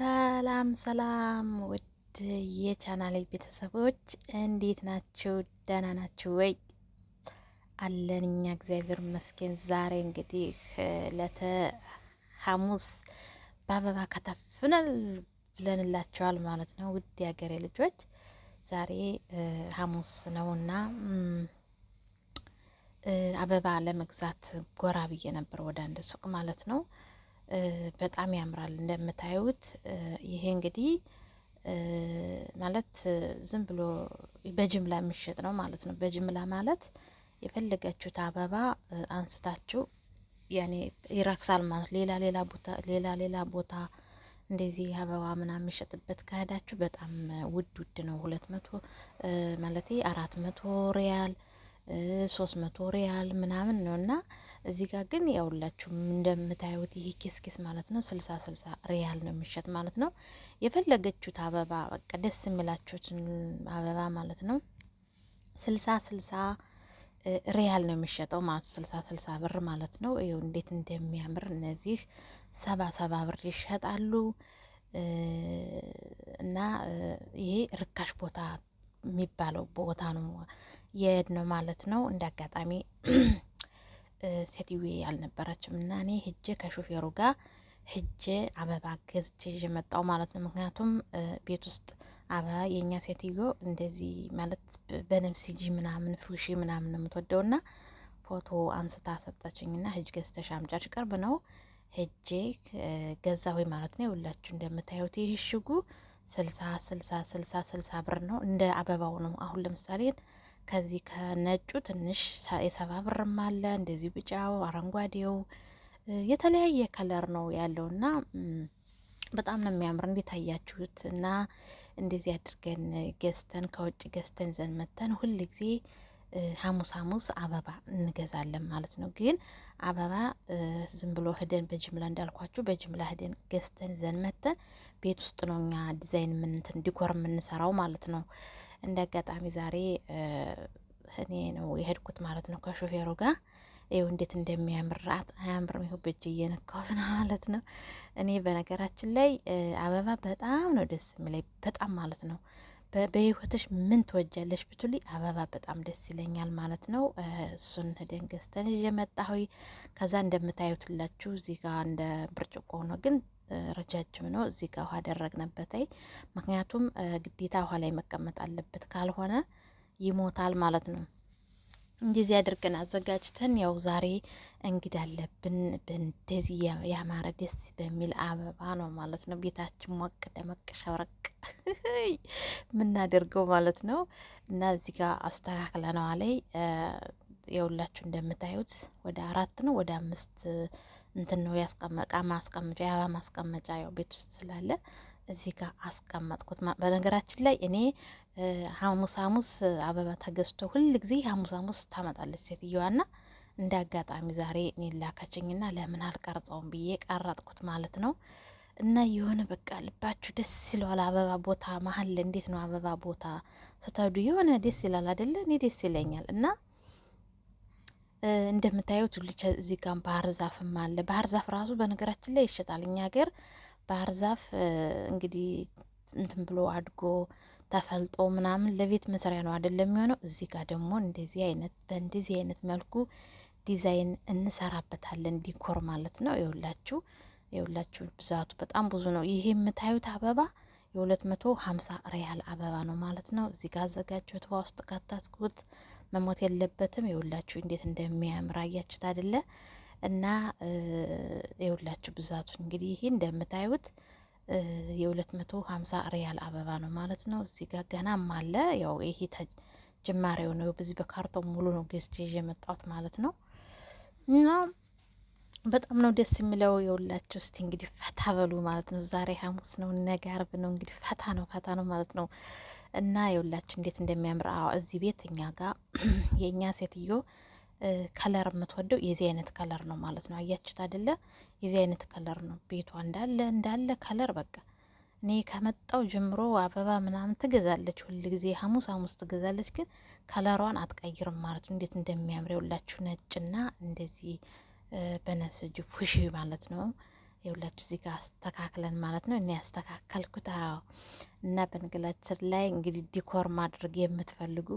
ሰላም ሰላም ውድ የቻናሌ ቤተሰቦች እንዴት ናችሁ? ደህና ናችሁ ወይ? አለን እኛ እግዚአብሔር ይመስገን። ዛሬ እንግዲህ ለተ ሐሙስ በአበባ ከተፍናል ብለንላቸዋል ማለት ነው። ውድ የሀገሬ ልጆች ዛሬ ሐሙስ ነውና አበባ ለመግዛት ጎራ ብዬ ነበር ወደ አንድ ሱቅ ማለት ነው። በጣም ያምራል እንደምታዩት። ይሄ እንግዲህ ማለት ዝም ብሎ በጅምላ የሚሸጥ ነው ማለት ነው። በጅምላ ማለት የፈለገችሁት አበባ አንስታችሁ ያኔ ይረክሳል ማለት ሌላ ሌላ ቦታ ሌላ ሌላ ቦታ እንደዚህ አበባ ምናምን የሚሸጥበት ከሄዳችሁ በጣም ውድ ውድ ነው። ሁለት መቶ ማለት አራት መቶ ሪያል ሶስት መቶ ሪያል ምናምን ነው እና እዚህ ጋር ግን ያውላችሁ እንደምታዩት ይህ ኬስ ኬስ ማለት ነው ስልሳ ስልሳ ሪያል ነው የሚሸጥ ማለት ነው። የፈለገችሁት አበባ በቃ ደስ የሚላችሁትን አበባ ማለት ነው ስልሳ ስልሳ ሪያል ነው የሚሸጠው ማለት ስልሳ ስልሳ ብር ማለት ነው። ይኸው እንዴት እንደሚያምር እነዚህ ሰባ ሰባ ብር ይሸጣሉ። እና ይሄ ርካሽ ቦታ የሚባለው ቦታ ነው የሄድ ነው ማለት ነው እንደ አጋጣሚ ሴትዮ አልነበረችም እና እኔ ህጄ ከሹፌሩ ጋር ህጄ አበባ ገዝቼ ይዤ መጣሁ ማለት ነው። ምክንያቱም ቤት ውስጥ አበባ የእኛ ሴትዮ እንደዚህ ማለት በነብስ ሂጂ ምናምን ፉሺ ምናምን የምትወደው ና ፎቶ አንስታ ሰጠችኝ ና ህጅ ገዝተሽ አምጫች ቅርብ ነው ገዛ ሆይ ማለት ነው። ሁላችሁ እንደምታዩት ይህ እሽጉ ስልሳ ስልሳ ስልሳ ስልሳ ብር ነው። እንደ አበባው ነው። አሁን ለምሳሌ ከዚህ ከነጩ ትንሽ የሰባ ብርም አለ እንደዚሁ ቢጫው፣ አረንጓዴው የተለያየ ከለር ነው ያለው እና በጣም ነው የሚያምር። እንዴት አያችሁት? እና እንደዚህ አድርገን ገዝተን ከውጭ ገዝተን ዘን መተን ሁል ጊዜ ሐሙስ ሐሙስ አበባ እንገዛለን ማለት ነው። ግን አበባ ዝም ብሎ ህደን በጅምላ እንዳልኳችሁ በጅምላ ህደን ገዝተን ዘን መተን ቤት ውስጥ ነው እኛ ዲዛይን ምንትን ዲኮር የምንሰራው ማለት ነው። እንደ አጋጣሚ ዛሬ እኔ ነው የሄድኩት ማለት ነው ከሾፌሩ ጋር ይው እንዴት እንደሚያምራት አያምርም? ይኸው በእጅ እየነካሁት ነው ማለት ነው። እኔ በነገራችን ላይ አበባ በጣም ነው ደስ የሚለኝ፣ በጣም ማለት ነው። በህይወትሽ ምን ትወጃለሽ ብትሉኝ አበባ በጣም ደስ ይለኛል ማለት ነው። እሱን ሄደን ገዝተን እየመጣሁ ከዛ እንደምታዩትላችሁ እዚህ ጋር እንደ ብርጭቆ ነው ግን ረጃጅም ነው። እዚህ ጋር ውሃ አደረግንበት። አይ ምክንያቱም ግዴታ ውሃ ላይ መቀመጥ አለበት፣ ካልሆነ ይሞታል ማለት ነው። እንደዚህ አድርገን አዘጋጅተን ያው ዛሬ እንግዳ አለብን። በእንደዚህ ያማረ ደስ በሚል አበባ ነው ማለት ነው ቤታችን ሞቅ ደመቅ ሸብረቅ የምናደርገው ማለት ነው። እና እዚህ ጋር አስተካክለነዋ ላይ የሁላችሁ እንደምታዩት ወደ አራት ነው ወደ አምስት እንትን ነው ያስቀመጣ ማስቀመጫ የአበባ ማስቀመጫ ያው ቤት ውስጥ ስላለ እዚህ ጋር አስቀመጥኩት። በነገራችን ላይ እኔ ሐሙስ ሐሙስ አበባ ተገዝቶ ሁል ጊዜ ሐሙስ ሐሙስ ታመጣለች ሴትዮዋና እንደ አጋጣሚ ዛሬ እኔን ላከችኝና ለምን አልቀርጸውም ብዬ ቀረጥኩት ማለት ነው። እና የሆነ በቃ ልባችሁ ደስ ይለዋል። አበባ ቦታ መሀል እንዴት ነው አበባ ቦታ ስተዱ የሆነ ደስ ይላል አይደለ? እኔ ደስ ይለኛል እና እንደምታዩት ልጅ እዚህ ጋር ባህር ዛፍም አለ። ባህር ዛፍ ራሱ በነገራችን ላይ ይሸጣል። እኛ ሀገር ባህር ዛፍ እንግዲህ እንትን ብሎ አድጎ ተፈልጦ ምናምን ለቤት መስሪያ ነው አይደለም የሚሆነው። እዚህ ጋር ደግሞ እንደዚህ አይነት በእንደዚህ አይነት መልኩ ዲዛይን እንሰራበታለን። ዲኮር ማለት ነው። የሁላችሁ የሁላችሁ ብዛቱ በጣም ብዙ ነው። ይሄ የምታዩት አበባ የሁለት መቶ ሀምሳ ሪያል አበባ ነው ማለት ነው። እዚህ ጋር አዘጋጀሁት ውሃ ውስጥ ካታትኩት መሞት የለበትም። የሁላችሁ እንዴት እንደሚያምር አያችሁት አይደለ? እና የሁላችሁ ብዛቱ እንግዲህ ይህ እንደምታዩት መቶ ሀምሳ ሪያል አበባ ነው ማለት ነው። እዚህ ጋር ገናም አለ። ያው ይሄ ጅማሬው ነው። በዚህ በካርቶን ሙሉ ነው ገዝቼ የመጣሁት ማለት ነው እና በጣም ነው ደስ የሚለው። የሁላችሁ እስቲ እንግዲህ ፈታ በሉ ማለት ነው። ዛሬ ሐሙስ ነው፣ ነገ አርብ ነው። እንግዲህ ፈታ ነው ፈታ ነው ማለት ነው እና የሁላችሁ እንዴት እንደሚያምር እዚህ ቤት እኛ ጋር የእኛ ሴትዮ ከለር የምትወደው የዚህ አይነት ከለር ነው ማለት ነው። አያችሁት አደለ? የዚህ አይነት ከለር ነው ቤቷ እንዳለ እንዳለ ከለር በቃ እኔ ከመጣው ጀምሮ አበባ ምናምን ትገዛለች፣ ሁል ጊዜ ሐሙስ ሐሙስ ትገዛለች። ግን ከለሯን አትቀይርም ማለት ነው። እንዴት እንደሚያምር የሁላችሁ ነጭና እንደዚህ በነስጁ ፉሺ ማለት ነው። የሁለቱ እዚህ ጋር አስተካክለን ማለት ነው። እኔ ያስተካከልኩት እና በንግላችን ላይ እንግዲህ ዲኮር ማድረግ የምትፈልጉ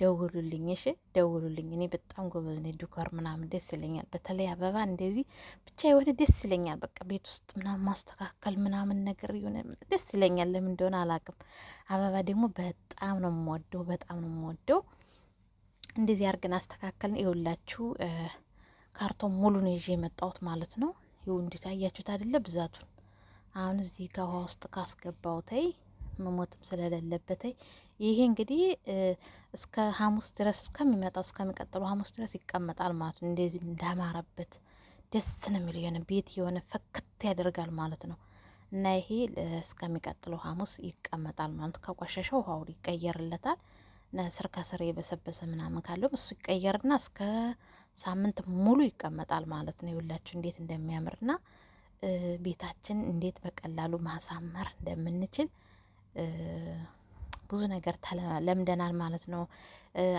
ደውሉልኝ፣ እሺ ደውሉልኝ። እኔ በጣም ጎበዝ ነኝ፣ ዲኮር ምናምን ደስ ይለኛል። በተለይ አበባ እንደዚህ ብቻ የሆነ ደስ ይለኛል። በቃ ቤት ውስጥ ምናምን ማስተካከል ምናምን ነገር የሆነ ደስ ይለኛል። ለምን እንደሆነ አላቅም። አበባ ደግሞ በጣም ነው የምወደው፣ በጣም ነው የምወደው። እንደዚህ አድርገን አስተካከልን ይውላችሁ ካርቶን ሙሉ ነው ይዤ የመጣሁት ማለት ነው። ይኸው እንዴት አያችሁት አይደለ? ብዛቱን አሁን እዚህ ጋር ውሃ ውስጥ ካስገባውተይ መሞትም ስለሌለበተይ ይሄ እንግዲህ እስከ ሐሙስ ድረስ እስከሚመጣው እስከሚቀጥለው ሐሙስ ድረስ ይቀመጣል ማለት ነው። እንደዚህ እንዳማረበት ደስ ነው የሚለው የሆነ ቤት የሆነ ፈክት ያደርጋል ማለት ነው። እና ይሄ እስከሚቀጥለው ሐሙስ ይቀመጣል ማለት ከቆሸሸው ውሃው ይቀየርለታል። ስር ከስር የበሰበሰ ምናምን ካለው እሱ ይቀየርና እስከ ሳምንት ሙሉ ይቀመጣል ማለት ነው። ይውላችሁ እንዴት እንደሚያምርና ቤታችን እንዴት በቀላሉ ማሳመር እንደምንችል ብዙ ነገር ለምደናል ማለት ነው።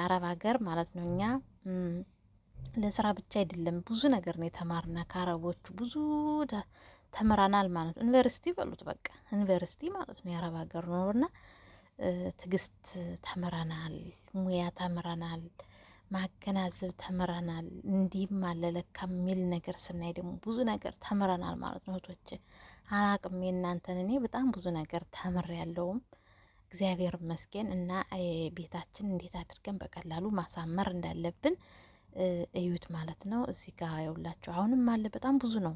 አረብ ሀገር ማለት ነው እኛ ለስራ ብቻ አይደለም ብዙ ነገር ነው የተማርነ ከአረቦቹ ብዙ ተምረናል ማለት ነው። ዩኒቨርሲቲ በሉት በቃ ዩኒቨርሲቲ ማለት ነው የአረብ ሀገር ኖርና ትግስት ተምረናል፣ ሙያ ተምረናል። ማገናዘብ ተምረናል። እንዲህም አለለካ የሚል ነገር ስናይ ደግሞ ብዙ ነገር ተምረናል ማለት ነው። እህቶች አላቅም የእናንተን እኔ በጣም ብዙ ነገር ተምር ያለውም እግዚአብሔር ይመስገን እና ቤታችን እንዴት አድርገን በቀላሉ ማሳመር እንዳለብን እዩት ማለት ነው። እዚህ ጋ ያውላችሁ አሁንም አለ በጣም ብዙ ነው።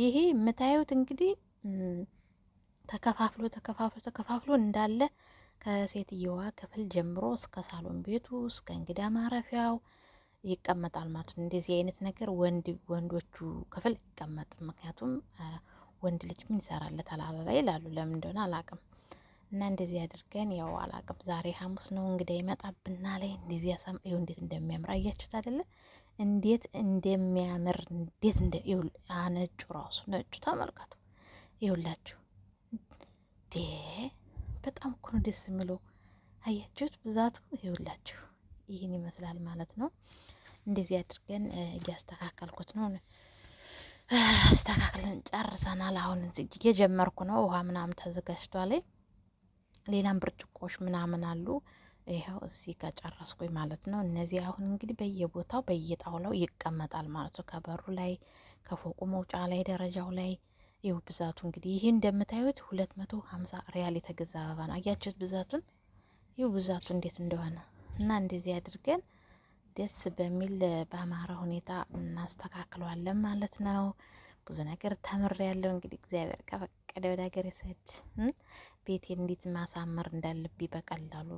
ይሄ የምታዩት እንግዲህ ተከፋፍሎ ተከፋፍሎ ተከፋፍሎ እንዳለ ከሴትየዋ ክፍል ጀምሮ እስከ ሳሎን ቤቱ እስከ እንግዳ ማረፊያው ይቀመጣል ማለት ነው። እንደዚህ አይነት ነገር ወንድ ወንዶቹ ክፍል ይቀመጥ ምክንያቱም ወንድ ልጅ ምን ይሰራለታል አበባ ይላሉ። ለምን እንደሆነ አላቅም። እና እንደዚህ አድርገን ያው አላቅም። ዛሬ ሐሙስ ነው እንግዳ ይመጣብና ላይ እንደዚህ ያሳም ይው እንዴት እንደሚያምር አያችሁት አይደለ? እንዴት እንደሚያምር እንዴት እንደ ነጩ ራሱ ነጩ ተመልከቱ ይሁላችሁ ዴ በጣም እኮ ነው ደስ የሚለው። አያችሁት? ብዛቱ ይውላችሁ ይህን ይመስላል ማለት ነው። እንደዚህ አድርገን እያስተካከልኩት ነው። አስተካክለን ጨርሰናል። አሁን እዚህ የጀመርኩ ነው። ውሃ ምናምን ተዘጋጅቷል። ሌላም ብርጭቆዎች ምናምን አሉ። ይኸው እዚህ ጋር ጨረስኩኝ ማለት ነው። እነዚህ አሁን እንግዲህ በየቦታው በየጣውላው ይቀመጣል ማለት ነው። ከበሩ ላይ ከፎቁ መውጫ ላይ ደረጃው ላይ ይኸው ብዛቱ እንግዲህ ይሄ እንደምታዩት ሁለት መቶ ሀምሳ ሪያል የተገዛ አበባ ነው። አያችሁት ብዛቱን፣ ይኸው ብዛቱ እንዴት እንደሆነ እና እንደዚህ አድርገን ደስ በሚል በአማራ ሁኔታ እናስተካክለዋለን ማለት ነው። ብዙ ነገር ተምር ያለው እንግዲህ እግዚአብሔር ከፈቀደ ወደ ሀገር የሰድ እንዴት ማሳመር እንዳለብኝ በቀላሉ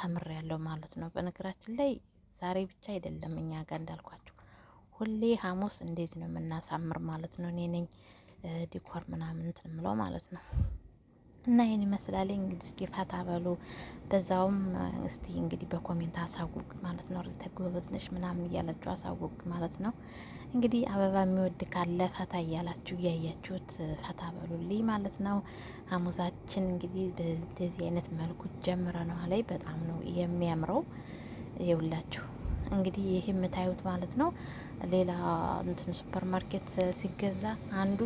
ተምር ያለው ማለት ነው። በነገራችን ላይ ዛሬ ብቻ አይደለም እኛ ጋር እንዳልኳችሁ ሁሌ ሐሙስ እንደዚህ ነው የምናሳምር ማለት ነው። እኔ ነኝ ዲኮር ምናምን እንትን ምለው ማለት ነው። እና ይህን ይመስላል እንግዲህ። እስቲ ፈታ በሉ በዛውም እስቲ እንግዲህ በኮሜንት አሳውቅ ማለት ነው። ሪተ ጎበዝ ነሽ ምናምን እያላችሁ አሳውቅ ማለት ነው። እንግዲህ አበባ የሚወድ ካለ ፈታ እያላችሁ እያያችሁት ፈታ በሉልኝ ማለት ነው። ሀሙሳችን እንግዲህ በዚህ አይነት መልኩ ጀምረነዋል። በጣም ነው የሚያምረው የውላችሁ እንግዲህ ይህ የምታዩት ማለት ነው። ሌላ እንትን ሱፐር ማርኬት ሲገዛ አንዱ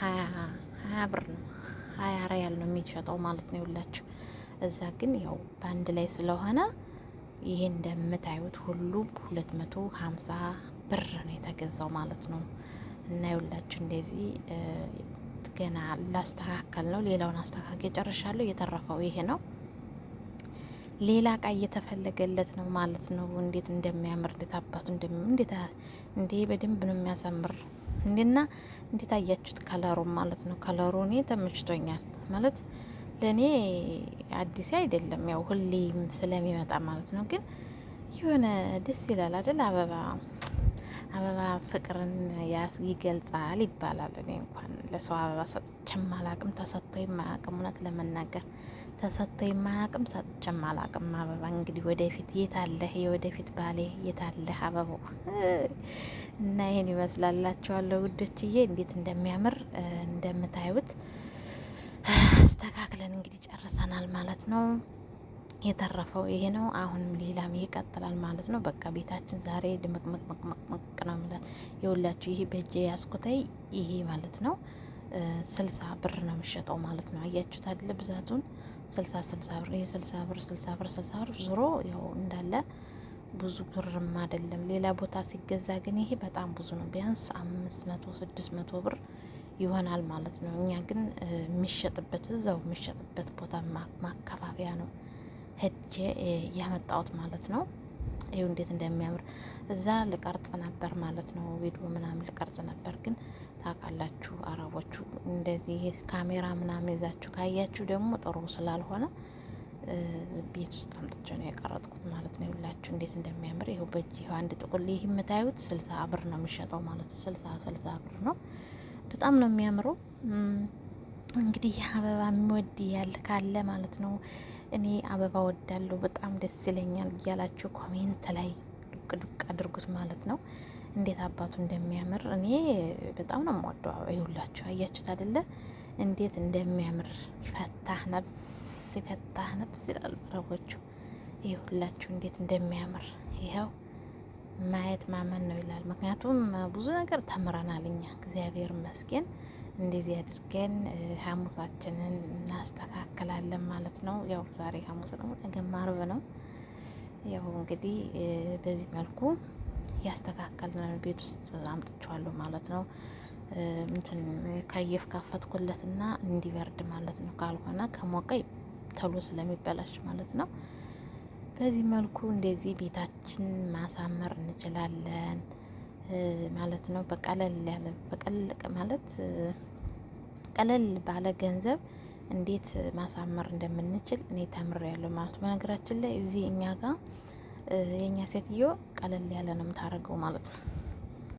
ሀያ ብር ነው ሀያ ሪያል ነው የሚሸጠው ማለት ነው ይላችሁ። እዛ ግን ያው በአንድ ላይ ስለሆነ ይሄ እንደምታዩት ሁሉም ሁለት መቶ ሀምሳ ብር ነው የተገዛው ማለት ነው። እና ይውላችሁ እንደዚህ ገና ላስተካከል ነው። ሌላውን አስተካክ ጨርሻለሁ። የተረፈው ይሄ ነው። ሌላ እቃ እየተፈለገለት ነው ማለት ነው። እንዴት እንደሚያምር እንዴት አባቱ እንዴት እንዴ በደንብ ነው የሚያሳምር እንዴና እንዴት አያችሁት? ከለሩ ማለት ነው። ከለሩ እኔ ተመችቶኛል ማለት ለእኔ አዲስ አይደለም፣ ያው ሁሌም ስለሚመጣ ማለት ነው። ግን የሆነ ደስ ይላል አይደል? አበባ አበባ ፍቅርን ይገልጻል ይባላል። እኔ እንኳን ለሰው አበባ ሰጥቼም አላቅም ተሰጥቶ የማያቅም እውነት ለመናገር ተሰጥቶ የማያቅም ሰጥቼም አላቅም አበባ። እንግዲህ ወደፊት የታለህ የወደፊት ባሌ የታለህ አበባው እና ይህን ይመስላላችኋለሁ ውዶችዬ፣ እንዴት እንደሚያምር እንደምታዩት አስተካክለን እንግዲህ ጨርሰናል ማለት ነው። የተረፈው ይሄ ነው። አሁንም ሌላም ይቀጥላል ማለት ነው። በቃ ቤታችን ዛሬ ድምቅምቅምቅምቅ ነው የሚላል የሁላችሁ። ይሄ በእጄ ያስኩተይ ይሄ ማለት ነው ስልሳ ብር ነው የሚሸጠው ማለት ነው። አያችሁት አይደለ ብዛቱን ስልሳ ስልሳ ብር ይህ ስልሳ ብር ስልሳ ብር ስልሳ ብር ዙሮ ያው እንዳለ ብዙ ብርም አይደለም። ሌላ ቦታ ሲገዛ ግን ይሄ በጣም ብዙ ነው። ቢያንስ አምስት መቶ ስድስት መቶ ብር ይሆናል ማለት ነው። እኛ ግን የሚሸጥበት እዛው የሚሸጥበት ቦታ ማከፋፈያ ነው ሄጄ ያመጣሁት ማለት ነው። ይኸው እንዴት እንደሚያምር እዛ ልቀርጽ ነበር ማለት ነው። ቪዲዮ ምናምን ልቀርጽ ነበር ግን ታውቃላችሁ አረቦቹ እንደዚህ ካሜራ ምናምን ይዛችሁ ካያችሁ ደግሞ ጥሩ ስላልሆነ ቤት ውስጥ አምጥቼ ነው የቀረጥኩት ማለት ነው። ሁላችሁ እንዴት እንደሚያምር ይኸው በእጅ ይኸው አንድ ጥቁል ይህ የምታዩት ስልሳ ብር ነው የሚሸጠው ማለት ነው። ስልሳ ስልሳ ብር ነው። በጣም ነው የሚያምረው። እንግዲህ አበባ የሚወድ ያለ ካለ ማለት ነው እኔ አበባ ወዳለሁ በጣም ደስ ይለኛል እያላችሁ ኮሜንት ላይ ዱቅ ዱቅ አድርጉት ማለት ነው። እንዴት አባቱ እንደሚያምር እኔ በጣም ነው የምወደው። ይሁላችሁ አያችሁት አይደለ? እንዴት እንደሚያምር ፈታህ ነብስ ፈታህ ነብስ ይላል አረቦቹ። ይሁላችሁ እንዴት እንደሚያምር ይኸው ማየት ማመን ነው ይላል። ምክንያቱም ብዙ ነገር ተምረናል እኛ እግዚአብሔር ይመስገን። እንደዚህ አድርገን ሐሙሳችንን እናስተካክላለን ማለት ነው። ያው ዛሬ ሐሙስ ነው፣ ነገ ዓርብ ነው። ያው እንግዲህ በዚህ መልኩ እያስተካከልን ቤት ውስጥ አምጥቸዋለሁ ማለት ነው። እንትን ከየፍ ካፈትኩለት እና እንዲበርድ ማለት ነው። ካልሆነ ከሞቀ ተሎ ስለሚበላሽ ማለት ነው። በዚህ መልኩ እንደዚህ ቤታችን ማሳመር እንችላለን ማለት ነው። በቀለል ያለ በቀለል ማለት ቀለል ባለ ገንዘብ እንዴት ማሳመር እንደምንችል እኔ ተምሬያለሁ ማለት በነገራችን ላይ እዚህ እኛ ጋር የእኛ ሴትዮ ቀለል ያለ ነው የምታደርገው ማለት ነው።